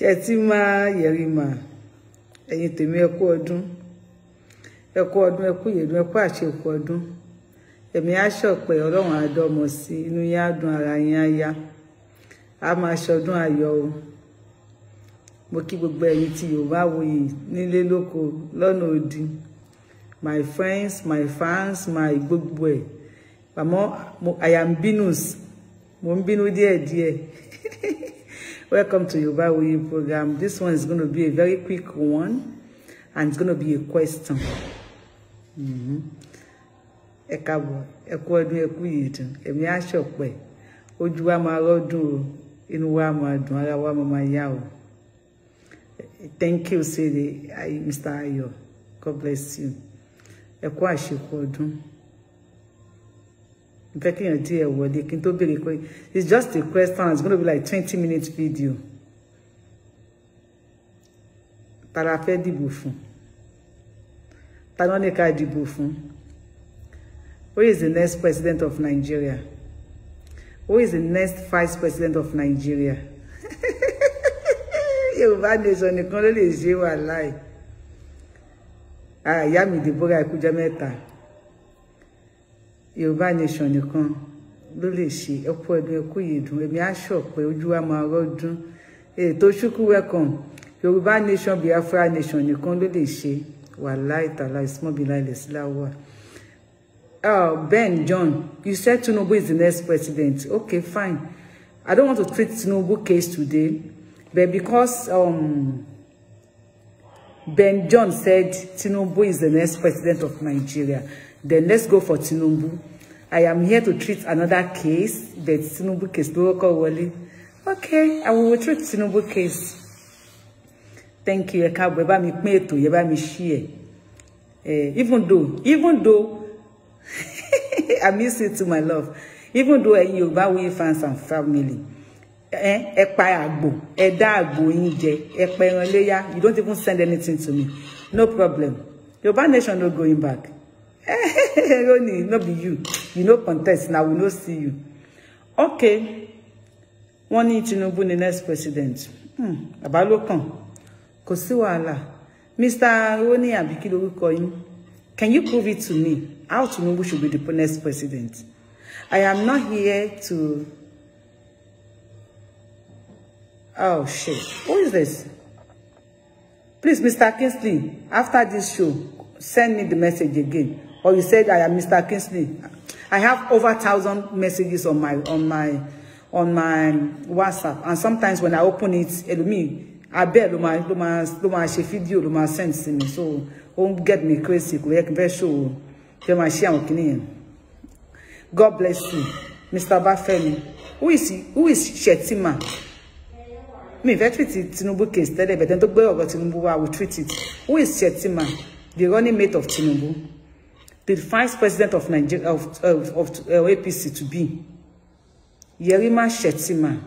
Shetima Yerima ẹ̀yin tèmi ẹ kú ọdún ẹ kú ọdún ẹ kú ìyẹdùn ẹ kú ọdún ẹ̀mí á ṣọpẹ́ Ọlọ́run àdọmọ inú ara yín á a máa ṣọdún ayọ̀ o mo kí gbogbo odi my friends my fans my ẹ i am binus Welcome to Yoruba Wuyi program. This one is going to be a very quick one and it's going to be a question. Mm-hmm. Ẹ káàbọ̀, ẹ kú ọdún, ẹ kú ìdùn, ẹ̀mí á ṣọ̀pẹ́, ojú wa máa rọ́dún o, inú wa máa dùn, ara wa máa yá o. Thank you, Sede, Mr. Ayo. God bless you. Ẹ kú àṣekú ọdún nfẹ́ kéèyàn díẹ̀ wọlé kí n tó béèrè it's just a question it's going to be like twenty minute video tara fẹ́ bufun. fún tara ní ká who is the next president of Nigeria who is the next vice president of Nigeria Yorùbá nation nìkan ló lè ṣe wàhálà yìí ah, ìyá mi Deborah ikú jẹ́ kujameta yorùbá nation nìkan ló lè ṣe ẹkú ẹdun ẹkú ìyèdùn èmi aṣọ pé ojú wa máa rọdún ètò ṣúkú welcome yorùbá nation biafra nation nìkan ló lè ṣe wàhálà ìtàlá ìsúnmọ́bìnrin àìlèsíláwà. Uh, ah, Ben John, you said Tinubu is the next president. Okay, fine. I don't want to treat Tinubu case today, but because um, Ben John said Tinubu is the next president of Nigeria, Then let's go for Tinubu. I am here to treat another case, the Tinubu case, Loroko Wole. Okay, I will treat Tinubu case. Thank you, ẹ káàbọ̀, ẹ bá mi pín ètò, mi share. Eh, even though, even though, I miss you to my love. Even though ẹ̀yin Yorùbá Wuyi fans and family, eh, ẹ pa àgbò, ẹ dá àgbò yín jẹ, ẹ pa ẹran léyá. You don't even send anything to me. No problem. Yorùbá nation no going back. Eh, Roni, no be you. You no contest now, we no see you. Okay. Wọ́n to Tinubu the next president. Hmm. Bàbá ló kàn. Kò sí wàhálà. Mr. Roni àbí kí Can you prove it to me how Tinubu should be the next president? I am not here to Oh shit. Who is this? Please, Mr. Kingsley, after this show, send me the message again or you said I am Mr. Kingsley. I have over thousand messages on my on my on my WhatsApp, and sometimes when I open it, ẹlòmíì, abẹ́ ló máa ló my ló máa ṣe fídíò ló máa send sí mi, so don't get me crazy. Kò yẹ kí n fẹ́ show, God bless you, Mr. Bafemi. Who is who is Shetima? Me, if I treat it, Tinubu case, tell but then to go over Tinubu, I will treat it. Who is Shetima? The running mate of Tinubu the vice president of Nigeria of, of, of uh, APC to be, Yerima Shetima.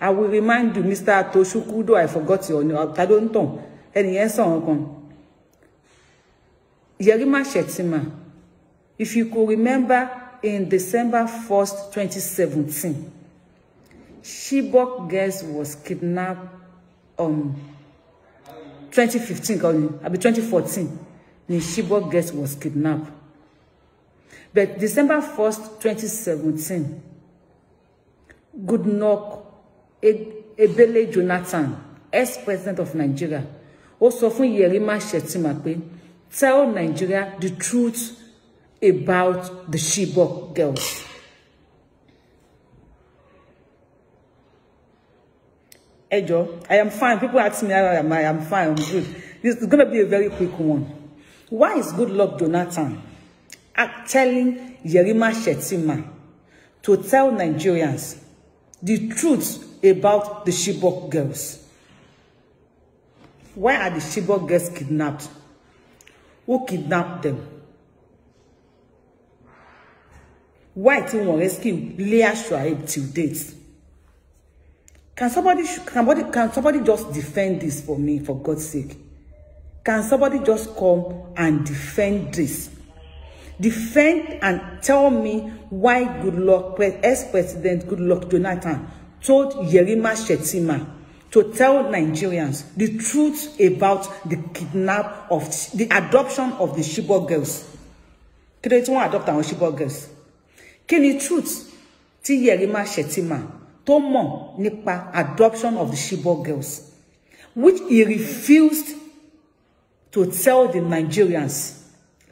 I will remind you, Mr. Toshukudo, I forgot your name. I don't know. Ẹni yẹn sọ̀rọ̀ kan. Yerima Shetima, if you could remember in December 1st, 2017, Chibok girls was kidnapped on um, 2015, àbí 2014 the Chibok girls was kidnapped. But December 1st, 2017, Goodluck e-, Ebele Jonathan, ex-president of Nigeria, Also, sọ fún Yerima Shettima pé, tell Nigeria the truth about the Shibo girls. Hey Joe, I am fine. People ask me, I am, I am fine, I'm good. This is going to be a very quick one. Why is Goodluck Jonathan telling Yerima Shetima to tell Nigerians the truth about the Chibok girls? Why are the Chibok girls kidnapped? Who kidnapped them? Why tí wọ́n rescue Leah Shuaib till date? Can somebody, can somebody, can somebody just defend this for me, for God's sake? Can somebody just come and defend this? Defend and tell me why Good Luck, ex-president Good Luck Jonathan told Yerima Shetima to tell Nigerians the truth about the kidnap of the adoption of the Chibok girls. Kí ló tí adopt àwọn Chibok girls? Can ni truth to Yerima Shetima tó mọ̀ nípa adoption of the Chibok girls which he refused to tell the Nigerians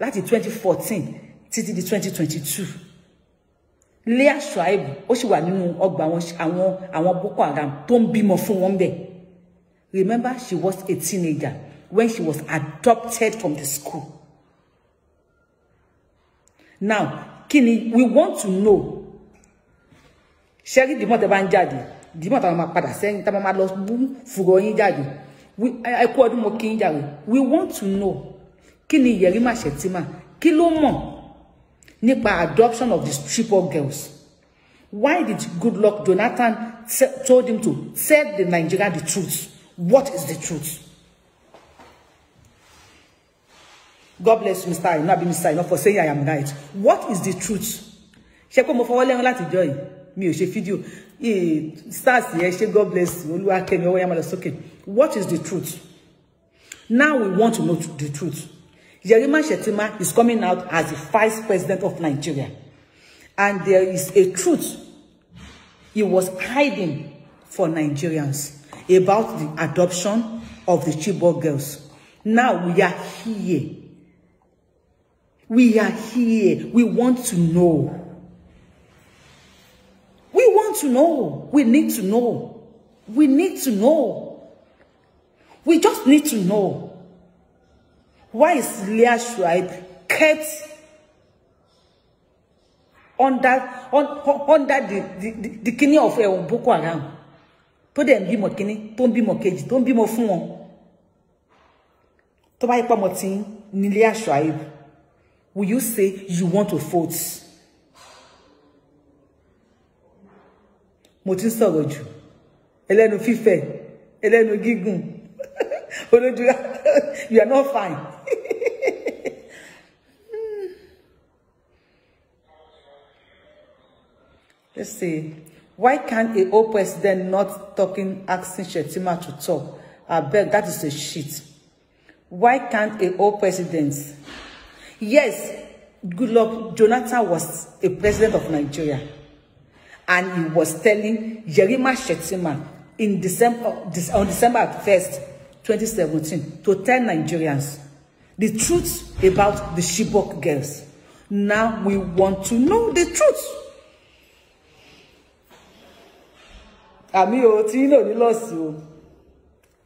láti 2014 títí the 2022 Leah Shuaibu, ó sì wà nínú ọgbà àwọn àwọn Boko Haram don't be more fún one day. remember she was a teenager when she was adopted from the school now kini we want to know ṣẹ́rí dìmọ̀ tẹ́ bá ń jáde dìmọ̀ táwọn máa padà sẹ́yìn táwọn máa lọ bú fùrọ̀ We kú ọdún mo kí ń jàre we want to know kí ni Yerima Shettima kí ló mọ̀ nípa adoption of the Chibok girls why did Goodluck Jonathan told him to tell the Nigerian the truth what is the truth. God bless you, Mr. Aino, Abi Mr. Aino, for saying I am right. What is the truth? Ṣé pé mo fọwọ́ lẹ́rán láti jọ yìí? Mi ò ṣe fídíò stars yẹn ṣe god bless you Olúwakẹ́mi Owóyẹmí what is the truth now we want to know the truth Yerima Shettima is coming out as the vice president of Nigeria and there is a truth he was hiding for Nigerians about the adoption of the Chibok girls. Now we are here. We are here. We want to know need to know. We need to know. We need to know. We just need to know. Why is Leah Shuaib kept under on, under the the, the, the kini of uh, Boko Haram? tó dẹ̀ ń bímọ kínní tó ń bímọ kejì tó ń bímọ fún wọn tó bá yípa ọmọ tí will you say you want to vote? mo ti ń sọ̀rọ̀ jù ẹlẹ́nu fífẹ̀ ẹlẹ́nu gígùn olójú you are not fine. Let's see. Why can't a old president not talking, asking Shetima to talk? I beg, that is a shit. Why can't a old president? Yes, good luck. Jonathan was a president of Nigeria and he was telling Yerima Shetima in December on December 1st, 2017, to tell Nigerians the truth about the Chibok girls. Now we want to know the truth. Àmì o tí lò ní lọ́sì o.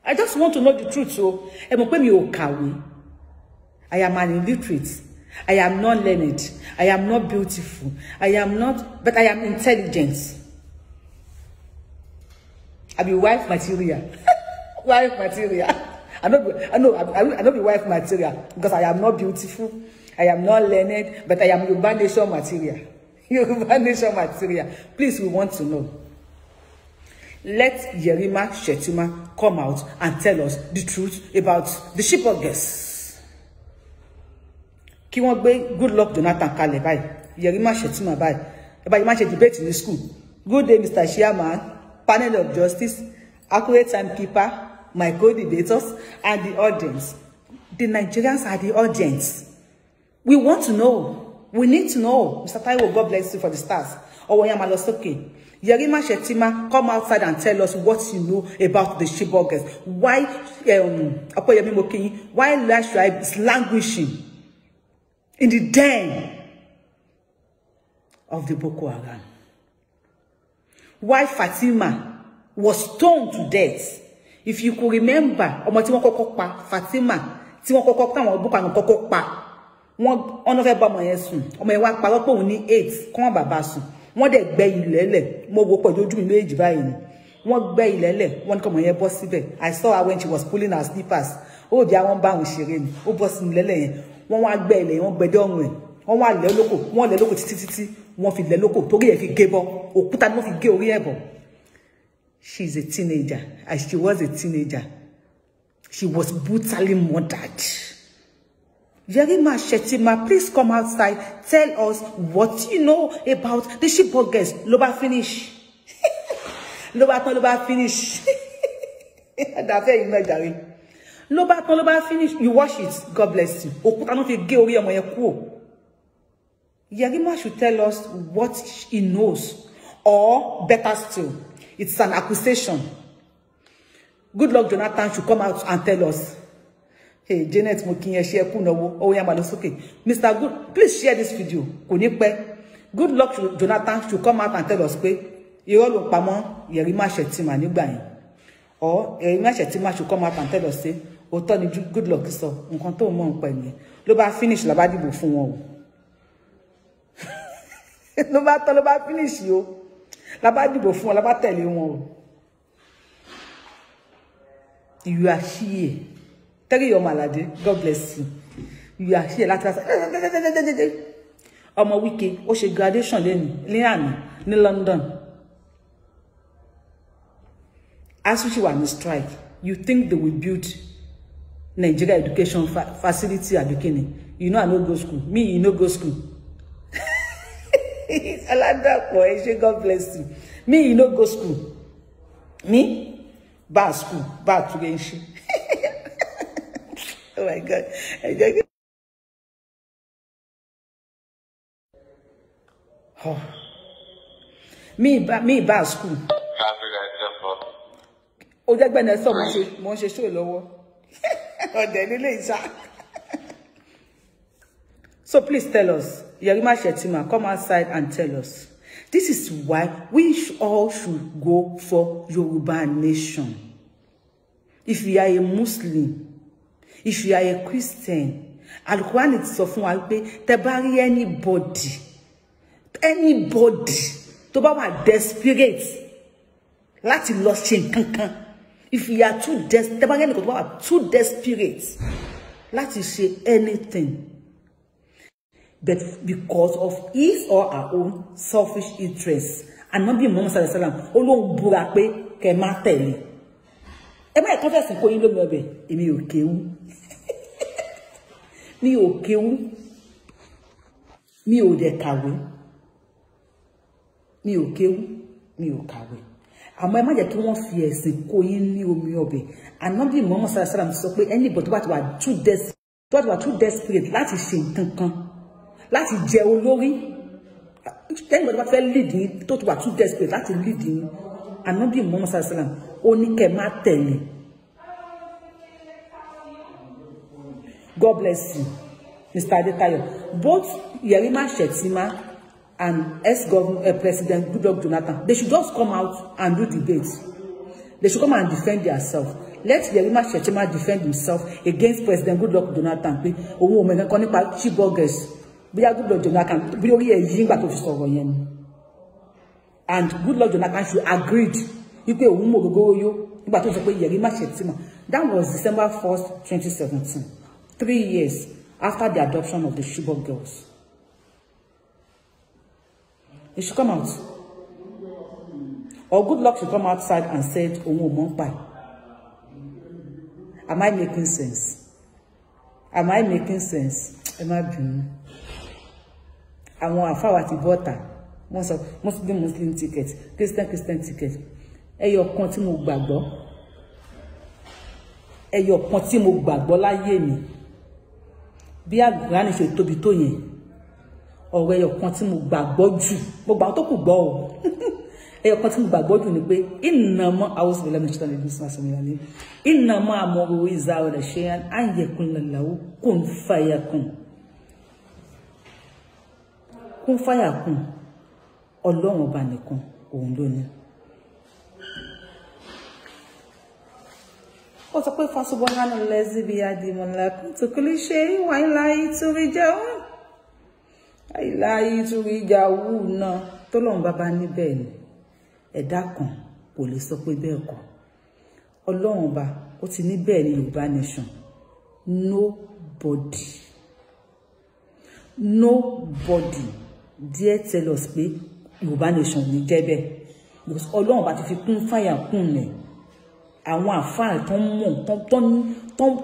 I just want to know the truth o. Ẹ mọ̀ pé mi ò I am an illiterate. I am not learned. I am not beautiful. I am not, but I am intelligent. I be wife material. wife material. I know, I know, I know be wife material because I am not beautiful. I am not learned, but I am Yoruba nation material. Yoruba nation material. Please, we want to know. Let Yerima Shetuma come out and tell us the truth about the sheep of guests kí wọ́n gbé Goodluck Jonathan kalẹ̀ báyìí Yerima Shettima báyìí ẹ báyìí má ṣe debate ní school good day Mr. Chairman panel of justice accurate timekeeper my co-debaters and the audience the Nigerians are the audience we want to know we need to know Mr. Taiwo God bless you for the stars ọwọ́ yẹn máa lọ sókè. come outside and tell us what you know about the Chibok girls. Why, um, Apoyemi Mokinyi, why lash tribe is languishing? in the den of the Boko Haram. Why Fatima was stoned to death. If you could remember, Omo tí wọ́n kọ́kọ́ pa Fatima, tí wọ́n kọ́kọ́ pa àwọn Boko Haram kọ́kọ́ pa. Wọ́n ọ̀nà fẹ́ bá ọmọ yẹn sùn. Ọmọ yẹn wá parọ́ pé òun ní eight, kọ́ wọn bàbá sùn. Wọ́n dẹ̀ gbẹ́ ilẹ̀ lẹ̀. Mo wo pẹ̀lú ojú mi méjì báyìí ni. Wọ́n gbẹ́ ilẹ̀ lẹ̀. Wọ́n ní kọ́mọ yẹn bọ́ I saw her when she was pulling her slippers. Ó di àwọn bá òun ṣeré ni. Ó bọ́ sínú lẹ́lẹ̀ yẹn wọ́n wá gbẹ́ ilẹ̀ wọ́n gbẹ́dẹ́ ọ̀run ẹ̀ wọ́n wá lẹ́ lóko wọ́n lẹ́ lóko títí títí wọ́n fi lẹ́ lóko torí ẹ̀ fi gé bọ́ òkúta ni wọ́n fi gé orí ẹ̀ bọ̀ she is a teenager as she was a teenager she was brutally murdered. Yerima Shetima, please come outside. Tell us what you know about the Chibok girls. Ló bá finish. Ló bá tán, ló bá finish. Dàfẹ́ iná jàre ló bá tán ló bá finish you wash it god bless you òkúta náà fi gé orí ọmọ yẹn kúrò Yarima should tell us what he knows or better still it's an accusation Good luck, Jonathan should come out and tell us hey Janet mo kí e ṣe ẹkú náwó owó yẹn máa lọ sókè Mr Good please share this video kò ní pẹ́ Goodluck Jonathan should come out and tell us pé irọ́ ló pamọ́ Yarima Shettima nígbà yẹn or Yarima Shettima should come out and tell us say òótọ́ ni Goodluck sọ nǹkan tó mọ̀ ń pẹ̀ yẹn ló bá finish ló bá dìbò fún wọn o ló bá tán ló bá finish o la bá dìbò fún la bá tẹ̀lé wọn o ìyú àṣìyè tẹ́lẹ̀ ọmọ àlàdé God bless you You are here. wá sáré ọmọ Wike ó ṣe graduation lẹ́nu ní àná London As ṣì were in strike you think they will build nigeria education fa facility abikini you know i no go school me you no go school I like aladapo eshe god bless you me you no go school me ba school ba tuge nse oh my god oh. me ba me ba school o jẹgbẹ na sọ mo ṣe mo ṣe show lọ́wọ́. So please tell us, Yarima Shetima, come outside and tell us. This is why we all should go for Yoruba nation. If you are a Muslim, if you are a Christian, Al-Quran sọ fún wa pé tẹ́ anybody, anybody To bá wà desperate láti lost ṣe nǹkan kan if you are too des tẹ́bàgẹ́ nìkan tó bá wà too desperate láti ṣe anything but because of his or her own selfish interest and not sàlẹ̀ sàlẹ̀ ó ló ń búra pé kẹ́ má tẹ̀lé ẹ má ẹ̀kọ́ fẹ̀sùn kó yín lómi ọbẹ̀ èmi ò kéwú mi ò kéwú mi ò dẹ̀ kàwé mi ò kéwú mi ò kàwé àmọ́ ẹ má jẹ́ kí wọ́n fi ẹ̀sìn kó yín ní omi ọbẹ̀ ànábì mọ́mọ́ sàrẹ́sàrà mi sọ pé anybody tó bá ti wà too desperate tó bá ti wà too desperate láti ṣe nǹkan kan láti jẹ olórí anybody tó bá fẹ́ lead yín tó ti wà too desperate láti lead yín ànábì mọ́mọ́ sàrẹ́sàrà ó ní kẹ́ má tẹ̀lé God bless you Mr. Adetayo both Yerima Shetima and ex-government uh, President Goodluck Jonathan, they should just come out and do debates. They should come and defend themselves. Let Yerima Shechima defend himself against President Goodluck Jonathan pé owó ọmọ ẹ̀kan nípa chibogers bóyá Goodluck Jonathan bí orí ẹ̀ yí ńgbà tó fi sọ̀rọ̀ yẹn And Goodluck Jonathan should agreed wípé òun mọ̀ gbogbo yó nígbà tó sọ pé Yerima Shechima that was December 1st, 2017, three years after the adoption of the Chibok girls. It should come out. Or good luck should come outside and said, Òun ò mọ̀ pa ẹ̀. Am I making sense? Am I making sense? Ẹ má bínú. Àwọn àfáwà ti bọ́ta. Wọ́n sọ Muslim Muslim tickets. Christian Christian ticket. Ẹyọ kan tí mo Hey, your kan tí mo gbàgbọ́ láyé mi. Be a granny ṣe tóbi tó yẹn ọ̀rọ̀ ẹyọ kan tí mo gbàgbọ́ jù mo gbà tó kù gbọ́ o ẹyọ kan tí mo gbàgbọ́ jù ni pé ìnàmọ́ àwòsàn ìlànà ìṣẹ̀lẹ̀ ìlú sinasọ mi lálẹ́ ìnàmọ́ àmọ́rò ìzà ọ̀rẹ́ ṣe àyẹ̀kùn lọ́làwó kò ń fàyà kùn kò ń fàyà kùn ọlọ́run ọba nìkan òun ló ní. ó sọ pé fásitì bọ́lá náà lẹ́sìn bíi adìmọ̀lá kùtùkùlù ṣe ìwà ńlá yìí torí jẹ́ láyé torí ìjà wù náà tọ́lọ́run bá bá níbẹ̀ ni ẹ̀dá kan kò lè sọ pé bẹ́ẹ̀ kọ́ ọlọ́run ọba ó ti ní bẹ́ẹ̀ ni yorùbá nation nobody nobody dare tell us pé yorùbá nation ò ní jẹ́ bẹ́ẹ̀ ọlọ́run ọba ti fi kún fàyà kún nìyẹn àwọn àfáà tó ń mọ̀ tó ń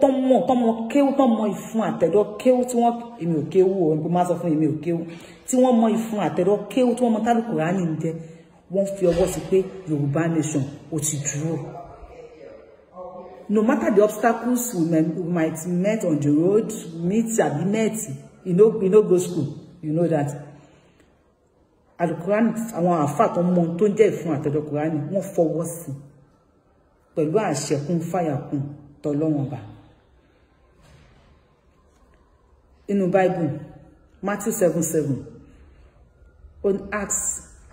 tó ń mọ̀ tó ń mọ kéwú tó ń mọ ìfun àtẹ̀dọ̀ kéwú tí wọ́n èmi ò kéwú o ẹ̀gbọ́n máa sọ fún èmi ò kéwú tí wọ́n mọ ìfun àtẹ̀dọ̀ kéwú tí wọ́n mọ tálùkù rání ń jẹ wọ́n fi ọwọ́ sí pé Yorùbá nation ò ti dúró. No matter the obstacles we, might meet on the road meet àbí met you no know, you no know, go school you know that alukurani àwọn àfáà tó ń mọ tó ń jẹ́ ìfun àtẹ̀dọ̀ kurani wọ́n fọwọ́ sí i pẹ̀lú àṣẹkún fàyàkùn tọlọ́wọ́n ọba inú bible matthew seven seven On ask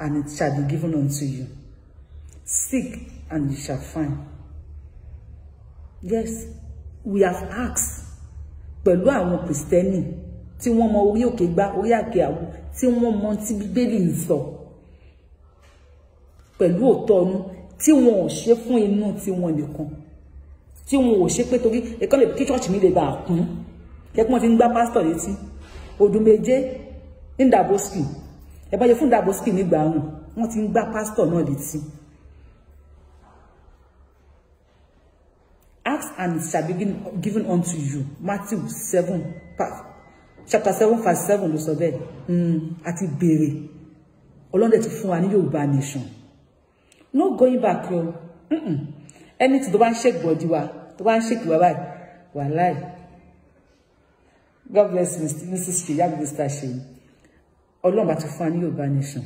and it shall be given unto you seek and you shall find yes we have asked pẹ̀lú àwọn kìrìsìtẹ́nì tí wọ́n mọ orí òkè gbá orí àkè àwọ̀ tí wọ́n mọ tí bíbélì ń sọ pẹ̀lú òótọ́ tí wọn ò ṣe fún inú tiwọn nìkan tí wọn ò ṣe pé torí ìkọlẹ̀ kí ṣọ́ọ̀ṣì mi lè bà kún jẹ́ pé wọ́n ti ń gbá pásítọ̀ létí ọdún méje ní Daboski ẹ bá yẹ fún Daboski nígbà ọ̀hún wọ́n ti ń gbá pásítọ̀ náà létí. ask and it shall be given unto you Matthew seven chapter seven verse seven ló sọ bẹ́ẹ̀ àti hmm, béèrè ọlọ́dẹ ti fún wa ní Yorùbá nation no going back o ẹni tí tó bá ń ṣèkì bọ̀dì wa tó bá ń ṣèkì wa báyìí wàláì God bless Mrs. Sheyi Mr. Sheyi ọlọ́run bá ti fún wa ní Yorùbá nation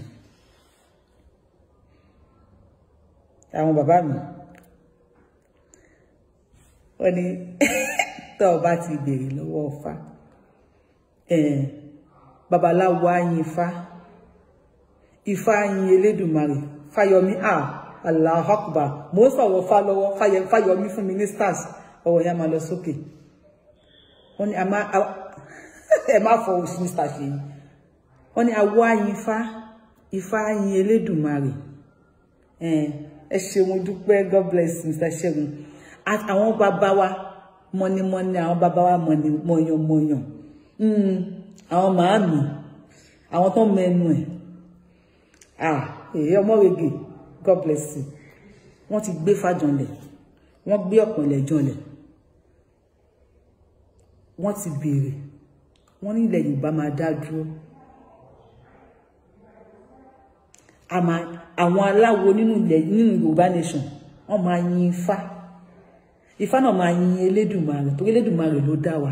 àwọn bàbá mi wọ́n ní tọ́ ọ bá ti béèrè lọ́wọ́ ọ̀fà babaláwo á yin ifá ifá á yin Fayomi ah allah akbar mo ń sọ̀rọ̀ fa lọ́wọ́ Fayomi fún ministers ọwọ́ yẹn máa lọ sókè wọ́n ní ẹ má fọ oṣù mr ṣèyí wọ́n ní awọ ayin ifá ifá ayin elédùnmarè ẹ ṣeun dúpẹ́ god bless mr ṣẹ́gun àwọn bàbá wa mọ̀nìmọ̀nì àwọn bàbá wa mọ̀yànmọ̀yàn hmm, àwọn màámi àwọn tó mẹ́nu ẹ̀ ah èyí ọmọwégè god bless you wọ́n ti gbé fàjọlẹ̀ wọ́n gbé ọ̀pẹ̀lẹ̀ jọlẹ̀ wọ́n ti béèrè wọ́n ní ilẹ̀ yorùbá máa dá dúró àwọn aláwo nínú ilẹ̀ nínú yorùbá nation wọ́n máa yin ifá ifá náà máa yin elédùmarè torí elédùmarè ló dá wa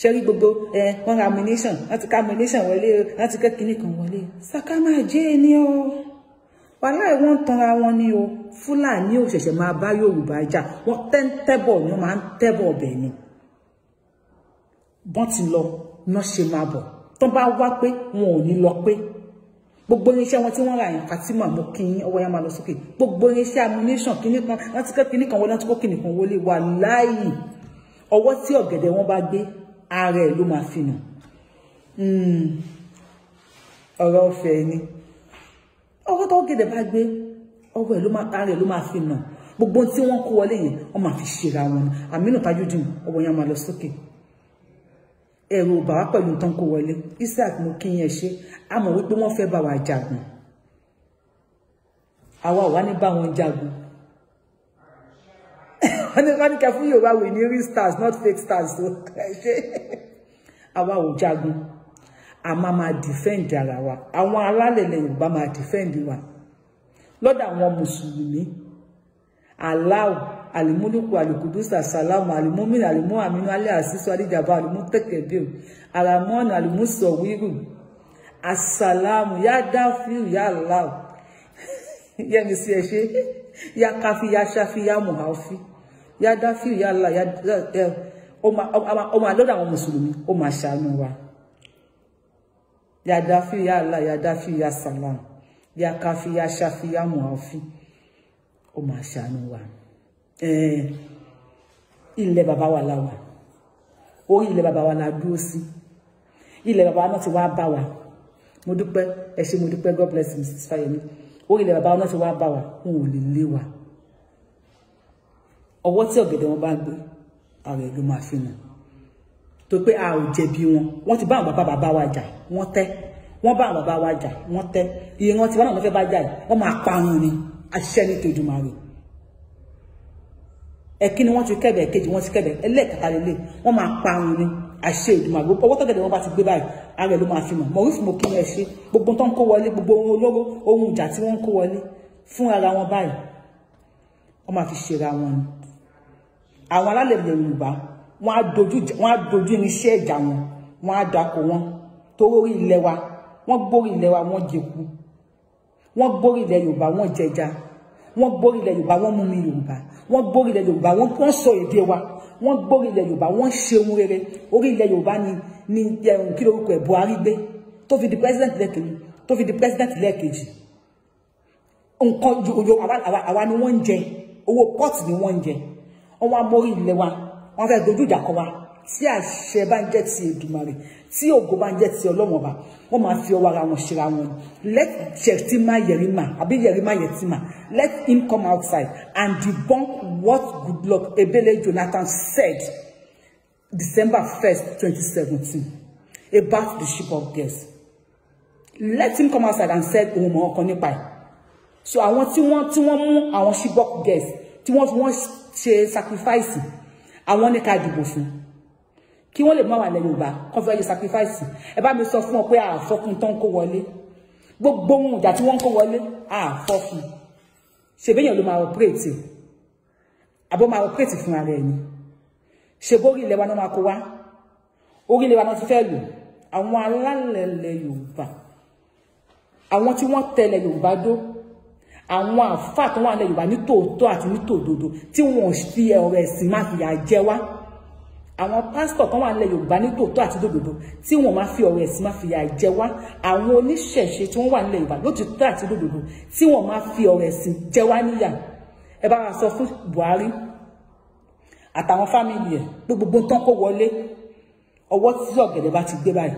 ṣe rí gbogbo ẹ wọn ra ammunition wọn ti ká ammunition wọlé o wọn ti ká kinní kan wọlé Saka máa jẹ́ ẹni o wàhálà ẹ̀ wọ́n tanra wọn ni o Fúlàní ò ṣẹ̀ṣẹ̀ máa bá Yorùbá jà wọ́n tẹ́ńtẹ́bọ̀ ni wọ́n máa ń tẹ́bọ̀ ọbẹ̀ ni bọ́n ti lọ ná ṣe máa bọ̀ tán bá wá pé wọn ò ní lọ pé gbogbo irinṣẹ́ wọn tí wọ́n ra yẹn Fatima mo kí yín ọwọ́ yẹn máa lọ sókè gbogbo irinṣẹ́ ammunition kinní kan wọ́n ti kẹ́ kinní kan wọlé wọ́n ti kó kinní kan wọlé wàláì ọwọ́ tí ọ̀gẹ̀dẹ̀ wọn bá gbé ara ẹ̀ ló máa fi hàn hmm. ọ̀rọ̀ ọ̀fẹ́ ni ọwọ́ tó gẹ̀dẹ̀ bá gbé ọwọ́ ẹ̀ ló máa ara ẹ̀ ló máa fi hàn gbogbo tí wọ́n kó wọlé yẹn wọ́n máa fi ṣera wọn Aminu Tajudeen ọwọ́ yẹn máa lọ sókè ẹ̀rù ò bà wá pẹ̀lú tán kó wọlé Isaac mo kí yẹn ṣe a mọ̀ wípé wọ́n fẹ́ bá wa jagun àwa ò wá ní bá wọn jagun wọ́n ní kẹfún yorùbá wè ní real stars not fake stars o ṣe àwa ò jagun a máa máa defend ara wa àwọn alálẹ̀lẹ̀ yorùbá máa defend wa lọ́dọ̀ àwọn mùsùlùmí aláwọ̀ alimuluku alikudusa salamu alimumina alimu aminu alẹ asisu alijaba alimu tẹkẹbíu alamọnu alimu sọwíru asalamu ya dáfíù ya aláwọ̀ yẹmi sí ẹ ṣe ya káfí ya ṣáfí ya mùhàfí. Ya da dáfíù ya la ya ẹ ọmọ àlọ́dọ̀ àwọn mùsùlùmí ó máa ṣàánú wa yá dáfíù yá la yá dáfíù yá salam ya káfí yá ṣáfí yá mùhàfí ó máa ṣàánú wa ilẹ̀ bàbá wa la wà orí ilẹ̀ bàbá wa la dúró sí ilẹ̀ bàbá wa náà ti wá bá wa mo dúpẹ́ ẹ ṣé mo dúpẹ́ God bless you Mrs Fáyẹmí orí ilẹ̀ bàbá wa náà ti wá bá wa n ò lè lé wa ọwọ́ tí ọ̀gẹ̀dẹ̀ wọn bá gbé àwọn ẹ̀gbẹ́ máa fi nà tó pé a ò jẹ̀bi wọn wọ́n ti bá àwọn bàbá bàbá wa jà wọ́n tẹ́ wọ́n bá àwọn bàbá wa jà wọ́n tẹ́ ìran tiwọn náà wọ́n fẹ́ bá jà yìí wọ́n máa parun ni àṣẹ ní tòjúmọ́ rẹ̀ ẹ̀kíní wọ́n ti kẹ́bẹ̀ kejì wọ́n ti kẹ́bẹ̀ ẹlẹ́ẹ̀kẹta lélẹ̀ wọ́n máa parun ni àṣẹ ìdùmàgbò ọwọ́ tọ́gẹ̀dẹ̀ wọn bá ti gbé báyìí ara ẹ̀ ló máa fi mọ̀ mọ̀ orísun mo kí ni ẹ ṣe gbogbo tó ń kó wọlé gbogbo ohun olóró ohun ìjà tí wọ́n ń kó wọlé fún ara wọn báyìí wọ́n máa fi ṣera wọn ni àwọn alálẹ̀ yorùbá wọ́n á dojú wọ́n á dojú irinṣẹ́ ìjà wọn wọ́n á dako wọn torórí ilẹ̀ wa wọ́n gbórí ilẹ̀ wa wọ́n jẹku wọ́n gbórí ilẹ̀ yorùbá wọ́n jẹja wọ́n gbórí ilẹ̀ yorùbá wọ́n mú mi yorùbá wọ́n gbórí ilẹ̀ yorùbá wọ́n sọ èdè wa wọ́n gbórí ilẹ̀ yorùbá wọ́n ṣe ohun rere orí ilẹ̀ yorùbá ni ni ẹ̀hún eh, kí lorúkọ ẹ̀ buhari gbé tó fi di president lẹ́ẹ̀kejì tó fi di president lẹ́ẹ̀kejì nǹkan àwa ni wọ́n ń jẹ owó pọ́ọ̀tì ni wọ́n ń jẹ wọ́n wá mórí ilẹ̀ wa wọ́n fẹ́ dojú ìjà kọ wa tí àṣẹ bá ń jẹ́ ti Èdùmàrè tí ògo bá ń jẹ́ ti Ọlọ́run ọba wọ́n máa fi ọwọ́ ara wọn ṣera wọn let Yẹtima Yerima àbí Yerima Yetima let him come outside and debunk what Goodluck Ebele Jonathan said December 1st 2017 about the ship of girls let him come outside and said òun mọ̀ ọkàn nípa ẹ̀ so àwọn tí wọ́n tí wọ́n mú àwọn ship of girls tí wọ́n fi wọ́n ṣe sacrifice àwọn ní ká dìbò fún kí wọ́n lè mú àwọn ilẹ̀ Yorùbá kọ́ fẹ́ ṣe sacrifice ẹ bá mi sọ fún ọ pé àfọkùn tán kó wọlé gbogbo ohun ìjà tí wọ́n ń kó wọlé àfọkùn ṣèbéyàn ló máa operate àbọ̀ máa operate fún ara ẹni ṣèbó orí ilẹ̀ wa náà máa kó wá orí ilẹ̀ wa náà ti fẹ́ lò àwọn alálẹ̀ ilẹ̀ Yorùbá àwọn tí wọ́n tẹ̀lé Yorùbá dó àwọn àfáà tó wà ní Yorùbá ní tòótọ́ àti ní tòdodo tí wọ́n fi ọ̀rọ̀ ẹ̀sìn máa fìyà jẹ wá àwọn pásítọ̀ kan wà nílẹ̀ yorùbá ní tòótọ́ àti dòdòdó tí wọ́n máa fi ọ̀rọ̀ ẹ̀sìn máa fi yà jẹ wá àwọn oníṣẹ̀ṣe tí wọ́n wà nílẹ̀ yorùbá lótìtọ́ àti dòdòdó tí wọ́n máa fi ọ̀rọ̀ ẹ̀sìn jẹ wá níyà ẹ bá wa sọ fún buhari àtàwọn fámìlì ẹ̀ pé gbogbo tán kó wọlé ọwọ́ tí ọ̀gẹ̀dẹ̀ bá ti gbé báyìí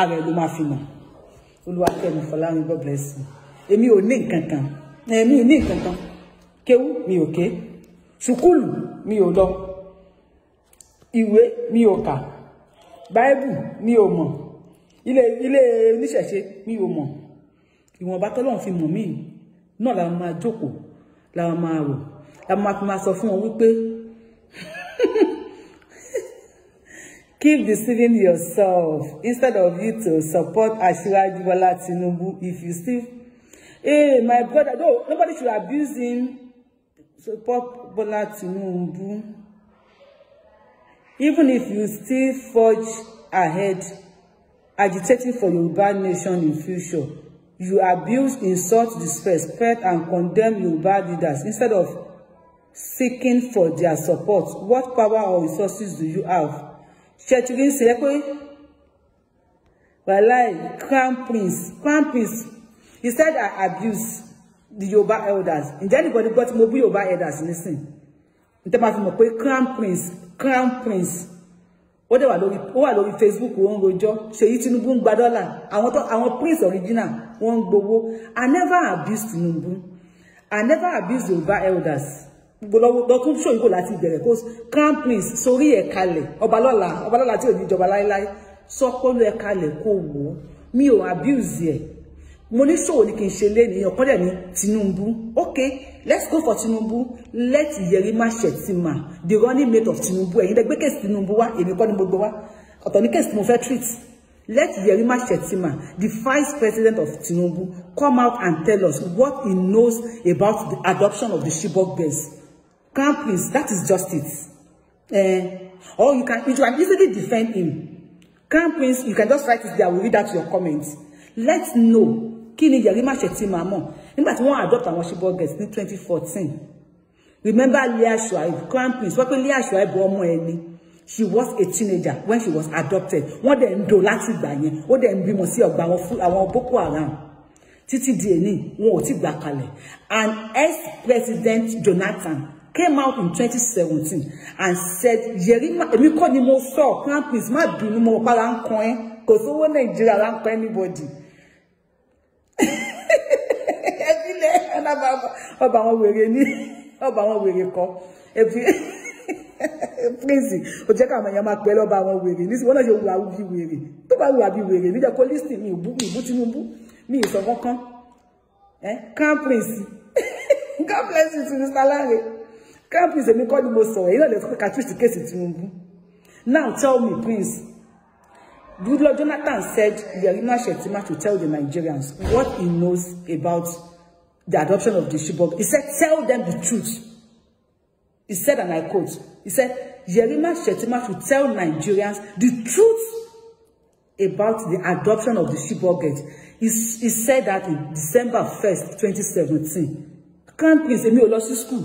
ara ẹ̀ ló máa fi mọ̀ olúwa kẹ́mi èmi ò ní nǹkan kan kéwú mi ò ké sùkúlù mi ò lọ ìwé mi ò kà báíbù mi ò mọ̀ ilé ilé oníṣẹ̀ṣe mi ò mọ̀ ìwọ̀nba tọ́lọ́run fi mọ̀ mí náà làwọn máa jókòó làwọn máa rò làwọn máa fi máa sọ fún wọn wípé keep deceiving yourself instead of you to support Asiwaju Bola Tinubu if you still Hey, eh, my brother, no, nobody should abuse him. So, pop, Bola Tinubu. Even if you still forge ahead, agitating for Yoruba nation in future, you abuse, insult, disrespect, and condemn Yoruba leaders instead of seeking for their support. What power or resources do you have? Ṣètìlín ṣe Walai, wàhálà crown prince, crown prince He said I abuse the Yoruba elders. Ǹjẹ́ anybody gbọ́ tí mo bú Yoruba elders nísìn? Ǹjẹ́ máa fi mọ̀ pé crown prince crown prince ó dẹ̀ wà lórí ó wà lórí Facebook ó ń rojọ́ Ṣèyí Tinubu ń gba dọ́là àwọn tó àwọn prince original wọ́n ń gbowó. I never abuse Tinubu. I never abuse Yoruba elders. Gbogbo lọ́kún ṣòyìn kò láti ìbẹ̀rẹ̀ kó crown prince sórí ẹ̀ kalẹ̀ ọbalọ́la ọbalọ́la tí ò ní ìjọba láéláé sọ́kọ́lù ẹ̀ kalẹ̀ kó wò ó mi ò abuse ẹ̀ mo ní ṣòwò ni kì í ṣe lénìyàn kọ́dẹ̀ ní Tinubu okay let's go for Tinubu let Yerima Shettima the running mate of Tinubu ẹ̀yin dẹ́gbẹ́ kẹ́sì Tinubu wá èmi kọ́ ni mo gbọ́ wá ọ̀tọ̀ ní kẹ́sì mo fẹ́ treat let Yerima Shettima the vice president of Tinubu come out and tell us what he knows about the adoption of the Chibok girls can please that is justice uh, or you can you can easily defend him can please you can just write it there We read out your comments let's know kí ni Yarima Shettima mọ̀ nígbà tí wọ́n adopt àwọn Chibok girls ní twenty fourteen remember Leah Shuaib crown prince wọ́n pé Leah Shuaib ọmọ ẹni she was a teenager when she was adopted wọ́n dẹ̀ ń do láti ìgbà yẹn ó dẹ̀ ń bímọ sí ọgbà àwọn Boko Haram títí di èní wọn ò ti gbà kalẹ̀ and ex-president Jonathan came out in 2017 and said Yerima èmi kọ́ ni mo sọ crown prince má bínú mo para ń kan ẹ́ kò sówó Nàìjíríà láńpẹ́ anybody ẹbílẹ̀ ọba àwọn wèrè ní ọba àwọn wèrè kọ ẹbí prince ó jẹ́ káwọn èèyàn máa pẹ́ lọ́ba àwọn wèrè ní wọ́n náà yóò wà bí wèrè tó bá wà bí wèrè níjẹ́ kó lísì mi ìbú mi ìbú Tinubu mi ìsọ kankan ẹ crown prince God bless you to Mr. Lanre crown prince èmi kọ́ ni mo sọ̀rọ̀ èyí náà lè fọ́ kàtúùsì kéèsì Tinubu now tell me prince Goodluck Jonathan said Yarima Shetima to tell the Nigerians what he knows about the adoption of the Chibok. He said, tell them the truth. He said, and I quote, he said, Yerima Shetima to tell Nigerians the truth about the adoption of the Chibok gate. He, he said that in December 1st, 2017. Can't please, èmi ò lọ sí school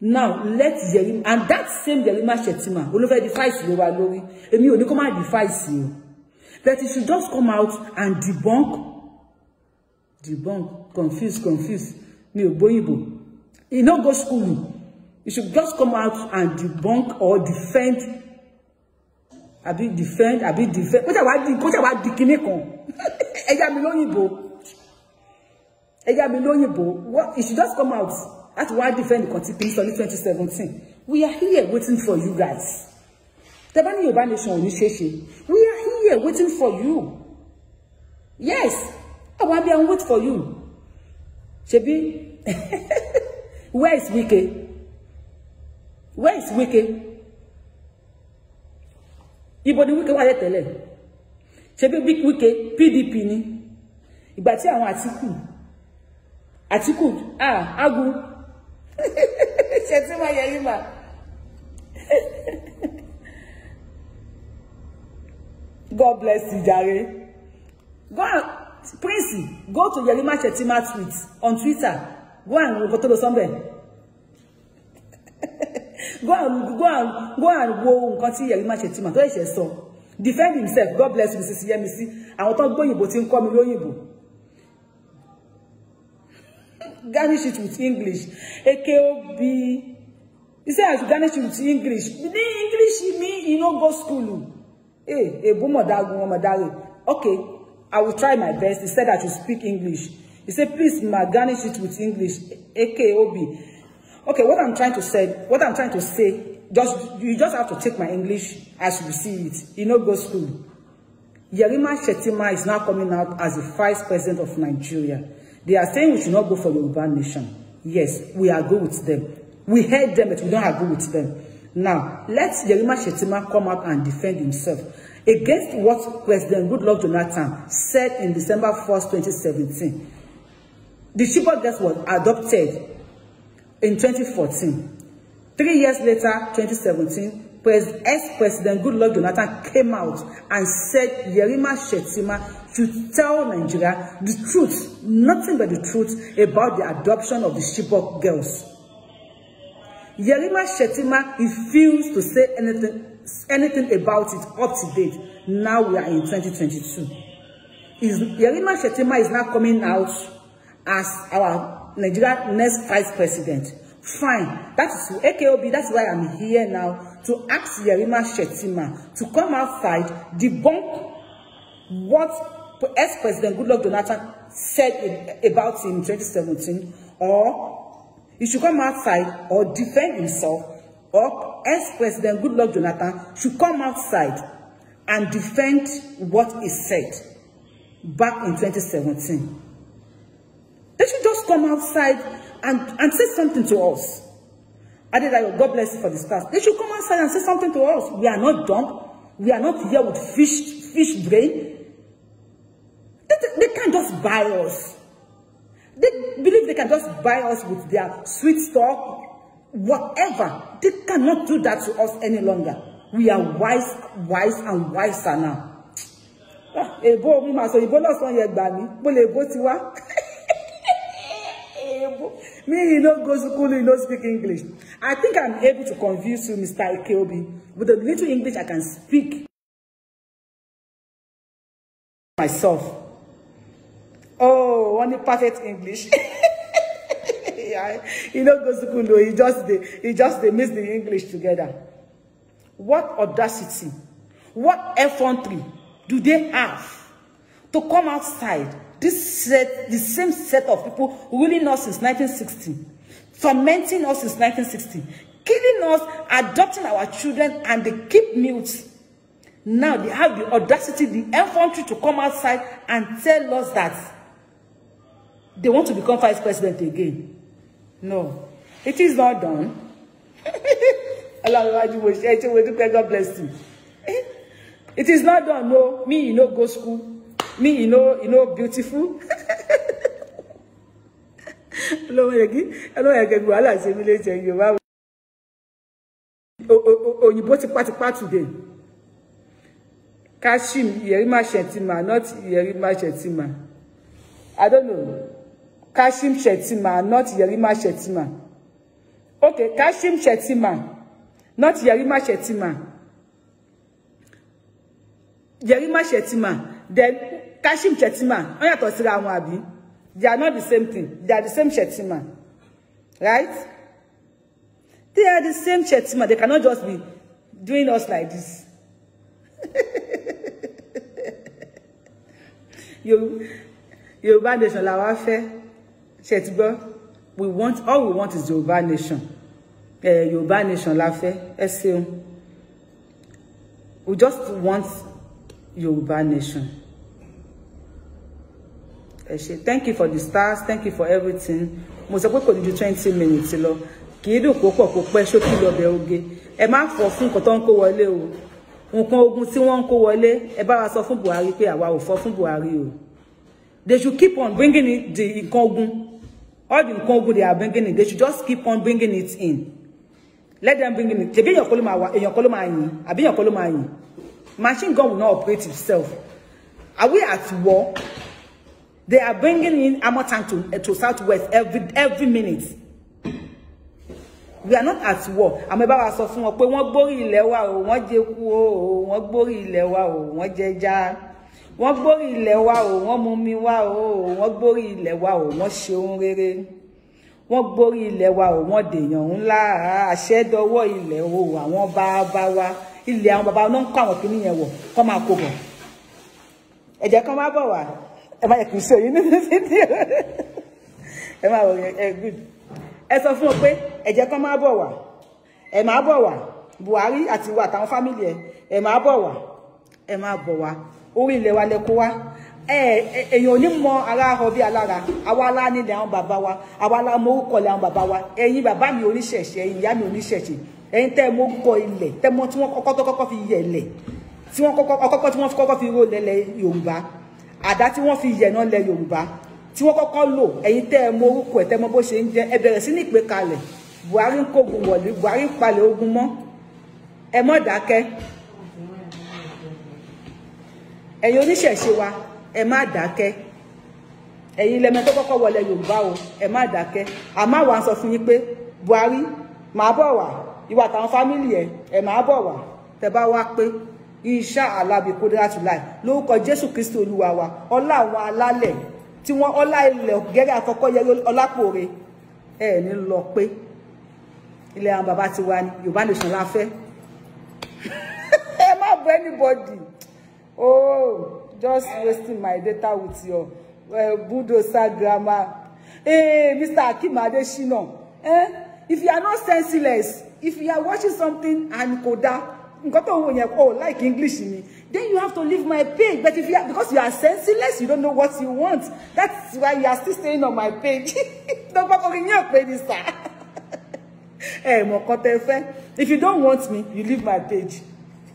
now let Yerima and that same Yerima Shettima olùfẹ́ device ló wà lórí èmi ò ní kó má device o that he should just come out and debunk debunk confuse confuse mi ò gbóyìnbó he no go school he should just come out and debunk or defend àbí defend àbí defend kó ṣe wá di kó ṣe wá di kinní kan ẹja mi lóyìnbó ẹja mi lóyìnbó what he should just come out. That's why I defend the tí kì í twenty seventeen we are here waiting for you guys tẹ́bá ní yorùbá nation ò we are here waiting for you yes I àwọn be ń wait for you ṣebí where is Wike where is Wike ibo ni Wike wà yẹ tẹ́lẹ̀ big Wike PDP ni ìgbà tí Atiku Àtíkù ah agun Shetima Yerima. God bless you, Jare. Go and, Princey. go to Yerima Chetima tweets on Twitter. Go and go to the somewhere. go and go and go and wo nkan ti Yerima Shetima to ise so. Defend himself. God bless you, Mrs. Yemisi. Àwọn ton gbo yibo tin ko mi lóyìnbó garnish it with English akob he said, i should garnish it with English the English mean e no go school Hey, hey, eh ebo mọdagun ọmọdare okay i will try my best he said i should speak English he said, please ma garnish it with English akob okay what i'm trying to say what i'm trying to say just you just have to take my English as you see it e no go school. Yerima Shetima is now coming out as the vice president of Nigeria. They are saying we should not go for Yoruba nation. Yes, we agree with them. We hate them, but we don't agree with them. Now, let Yerima Shetima come up and defend himself against what President Goodluck Jonathan said in December 1st, 2017. The Chibok death was adopted in 2014. Three years later, 2017, ex-president Goodluck Jonathan came out and said Yerima Shetima should tell Nigeria the truth, nothing but the truth about the adoption of the Chibok girls. Yerima Shetima refused to say anything, anything about it up to date. Now we are in 2022. Is, Yerima Shettima is now coming out as our Nigeria next vice president. Fine. That is AKOB. That's why I'm here now to ask Yerima Shetima to come outside, debunk what ex-president Goodluck Jonathan said about him in 2017, or he should come outside or defend himself, or ex-president Goodluck Jonathan should come outside and defend what he said back in 2017. They should just come outside and, and say something to us. Adedayo, God bless you for this class. They should come outside and say something to us. We are not dumb. We are not here with fish, fish brain. They, they, they can't just buy us. They believe they can just buy us with their sweet talk, whatever. They cannot do that to us any longer. We are wise, wise, and wiser now. Ah, Ebo, mi ma so, ibo so ye gba mi. Bo le bo ti wa. Me, you don't go to school, you don't speak English. I think I'm able to confuse you, Mr. Ikeobi, with the little English I can speak myself. Oh, only perfect English. you don't go to school, though. You just, they, you just they mix the English together. What audacity, what effrontery do they have to come outside This set, the same set of people ruling us since 1960, tormenting us since 1960, killing us, adopting our children, and they keep mute. Now they have the audacity, the infantry, to come outside and tell us that they want to become vice president again. No, it is not done. God bless you. Eh? It is not done. No, me, you know, go school me you know you know beautiful hello yegi hello yegi wàhálà ṣe mi le je Yorùbá òyìnbó ti patipa today Kashim Yerima Shetima. not Yerima Shetima. I don't know Kashim Shetima. not Yerima Shetima. okay Kashim Shetima. not Yerima Shettima Yerima Shettima then Kashim Shettima wọ́n yàtọ̀ síra wọn àbí they are not the same thing they are the same Shettima right they are the same Shettima they cannot just be doing us like this Yorùbá nation la wá fẹ́ Shettima we want all we want is Yorùbá nation uh, eh, Yorùbá nation la fẹ́ ẹ we just want Yoruba nation. thank you for the stars, thank you for everything. Mo sọ pé kò ju twenty minutes lọ. Kì í dùn púpọ̀ kó pẹ́ ṣókí lọ́bẹ̀ oge. Ẹ má fọ fún nǹkan tó ń kó o. Nǹkan ogun tí wọ́n ń kó wọlé, ẹ bá wa sọ fún Buhari pé àwa ò fọ́ fún Buhari o. They should keep on bringing in the nǹkan ogun. All the nǹkan ogun they are bringing it. they should just keep on bringing it in. Let them bring in. Ṣèbí èèyàn kọ́ ló máa wà, èèyàn kọ́ ló máa yìn, àbí èèyàn kọ́ ló máa yìn. Machine gun will not operate itself. Are we at war? They are bringing in armor tank to, eh, to Southwest every, every minute. We are not at war. Ameba wa sọ fún wọn pé wọ́n gbórí ilẹ̀ wa o, wọ́n jẹku o, wọ́n gbórí ilẹ̀ wa o, wọ́n jẹja. Wọ́n gbórí ilẹ̀ wa o, wa o, wọ́n gbórí ilẹ̀ wa o, wọ́n o, wọ́n dèèyàn wa. ilé àwọn bàbá náà ń kó àwọn kìíní yẹn ma kọ́ máa kó bọ̀ ẹ̀jẹ̀ kan wá bọ̀ wá ẹ yẹ kì í títí ẹ wọ ẹ ẹ sọ fún ọ pé ẹjẹ kan máa bọ̀ wá ẹ Buhari àti wa àtàwọn fámìlì ẹ ẹ máa wá ẹ máa wa lẹ kó wá ò mọ ara alára àwa nílẹ̀ wa àwa mọ orúkọ wa bàbá mi ìyá mi ẹ̀yin tẹ́ mọ̀ kọ ilẹ̀ tẹ́ mọ̀ tí wọ́n kọ́kọ́ tó kọ́kọ́ fi yẹ̀ lẹ̀ tí wọ́n kọ́kọ́ ọkọ́kọ́ tí wọ́n fi kọ́kọ́ fi ro lẹ̀lẹ̀ yorùbá àdá tí wọ́n fi yẹ̀ náà lẹ̀ yorùbá tí wọ́n kọ́kọ́ lò ẹ̀yin tẹ́ mọ̀ orúkọ ẹ̀ tẹ́ mọ̀ bó ṣe ń jẹ́ ẹ bẹ̀rẹ̀ sí ní ìpè kalẹ̀ buhari ń kógun wọ̀lú buhari ń palẹ̀ ogun mọ́ ẹ mọ́ dákẹ́ ẹ̀yin oníṣẹ̀ṣe wa ẹ má dákẹ́ ẹ̀yin lẹ́mẹ tó kọ́kọ́ wọlé yorùbá o ẹ má dákẹ́ àmọ́ àwa ń sọ fún yín pé buhari màá bọ̀ wá ìwà àtàwọn fámìlì ẹ ẹ máa bọ̀ wá tẹ bá wá pé iṣẹ́ alábi kódírátù láì lórúkọ jésù kristi olúwa wa ọlá àwọn alálẹ̀ tí wọ́n ọlá ilẹ̀ gẹ́gẹ́ àkọ́kọ́ yẹ ọlápòore ẹ ní lọ pé ilẹ̀ àwọn bàbá ti wá ní yorùbá nation la fẹ́ ẹ má bọ anybody oh just wasting my data with your uh, bulldozer grammar hey, eh, mr akim adesina eh? if you are not senseless if you are watching something and kò dáa to tó ń wò yẹn oh like english ni then you have to leave my page but if you are because you are senseless you don't know what you want that's why you are still staying on my page Don't kò kí n yàn pé ni sá ẹ mọ̀ kan tẹ fẹ́ if you don't want me you leave my page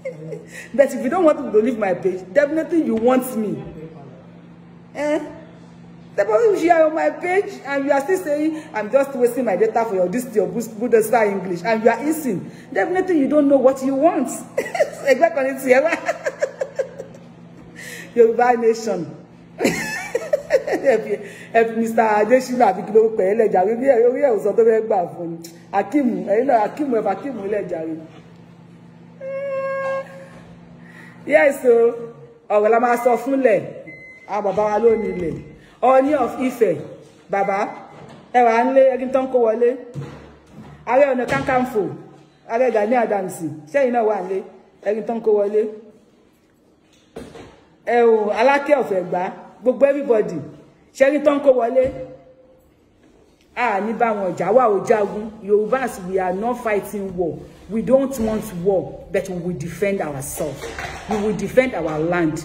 but if you don't want to leave my page definitely you want me. Eh? The problem is you are on my page and you are still saying, I'm just wasting my data for your this your Buddha English and you are insane. Definitely you don't know what you want. Exactly. Yoruba nation. Mr. Adesina àbí kí ló pẹ̀ ẹ́ lẹ́jàre bí orí ẹ̀ òsàn tó fẹ́ Akimu ẹ̀yin náà Akimu Akimu lẹ́jàre. Yes o, ọ̀rọ̀ la máa sọ fúnlẹ̀, àwọn bàbá wa ló Ọọ̀ni of Ifẹ̀ bàbá ẹwà ńlé ẹgbẹ́ntàn kó wọlé ààrẹ ọ̀nà kakanfò ààrẹ Gani Adams sẹ́yìn náà wà ńlé ẹgbẹ́ntàn kó wọlé ẹ̀hùn alákẹ́ ọ̀fẹ́ gbá gbogbo everybody sẹ́gbẹ́ntàn kó wọlé a ní bá wọn jà wà ó jagun yorùbás we are not fighting war we don't want war but we will defend ourselves we will defend our land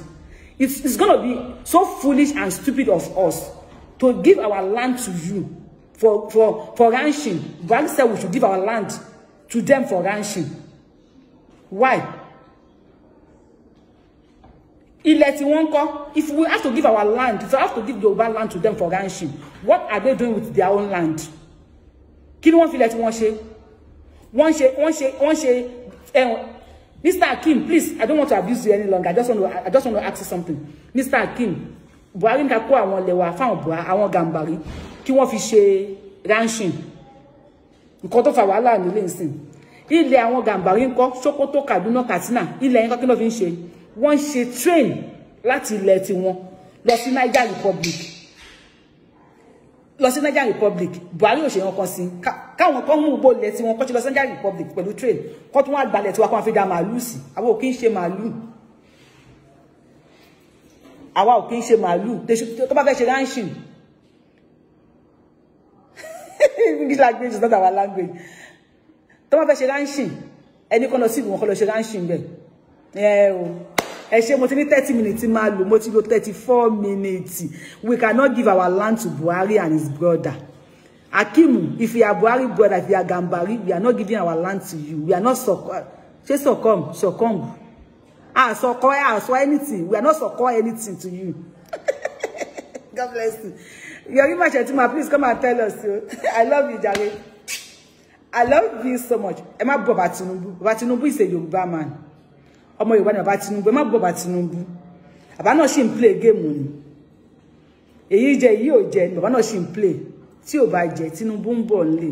It's, it's going to be so foolish and stupid of us to give our land to you for, for, for ranching. God said we should give our land to them for ranching. Why? Ilẹ̀ tí wọ́n if we have to give our land, if we have to give Yoruba land to them for ranching, what are they doing with their own land? Kí ni wọ́n fi ilẹ̀ share. wọ́n share. Wọ́n share. wọ́n ṣe, eh, Mr. Akim, please, I don't want to abuse you any longer. I just want to, I just want to ask you something. Mr. Akim, Buhari ká kó àwọn lẹ́wà fáwọn Buhari, àwọn Gàmbàrí, kí wọ́n fi ṣe ranching. Nǹkan tó fa wàhálà nílé ìsìn. Ilẹ̀ àwọn Gàmbàrí ńkọ́, Sokoto, Kaduna, Katsina, ilẹ̀ ńkọ́ kí ló fi ń ṣe. Wọ́n ń ṣe train láti ilẹ̀ tiwọn lọ Niger Republic lọ sí Republic Buhari ò ṣe yan kan sí káwọn kan mú gbó lẹ tí wọn kọ́ ti lọ sí Republic pẹ̀lú train kọ́ tún wá gbalẹ̀ tí wọ́n kọ́ fi da màálù sí àwa ò kí ń ṣe màálù àwa ò kí ń ṣe màálù tó bá fẹ́ ṣe ránṣìn English language is not our language tó bá fẹ́ ṣe ránṣìn ẹni kan lọ sí ìlú wọn kọ́ lọ ṣe ránṣìn bẹ́ẹ̀ ẹ o ẹ ṣe mo ti ní thirty minutes tí máa mo ti lò thirty minutes we cannot give our land to Buhari and his brother Akimu if you are Buhari brother if you are Gambari we are not giving our land to you we are not succumb ṣe succumb succumb ah succumb ah so anything we are not succumb anything to you God bless you Yorima Shettima please come and tell us oh. I love you jare I love you so much ẹ má bọ̀ is a Yorùbá man ọmọ Yorùbá ni bàbá Tinubu ẹ má bọ bàbá Tinubu bàbá náà sì play géèmù ni èyí jẹ èyí ò jẹ ni bàbá náà play tí ò bá jẹ Tinubu ń bọ̀ nílé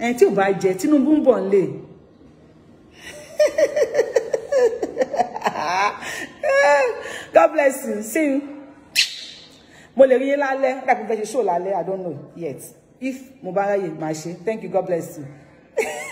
ẹ tí ò bá Tinubu ń bọ̀ God bless you see you mo lè rí yín lálẹ́ dàbí fẹ́ ṣe ṣó lálẹ́ I don't know yet if mo bá ráyè máa ṣe thank you God bless you.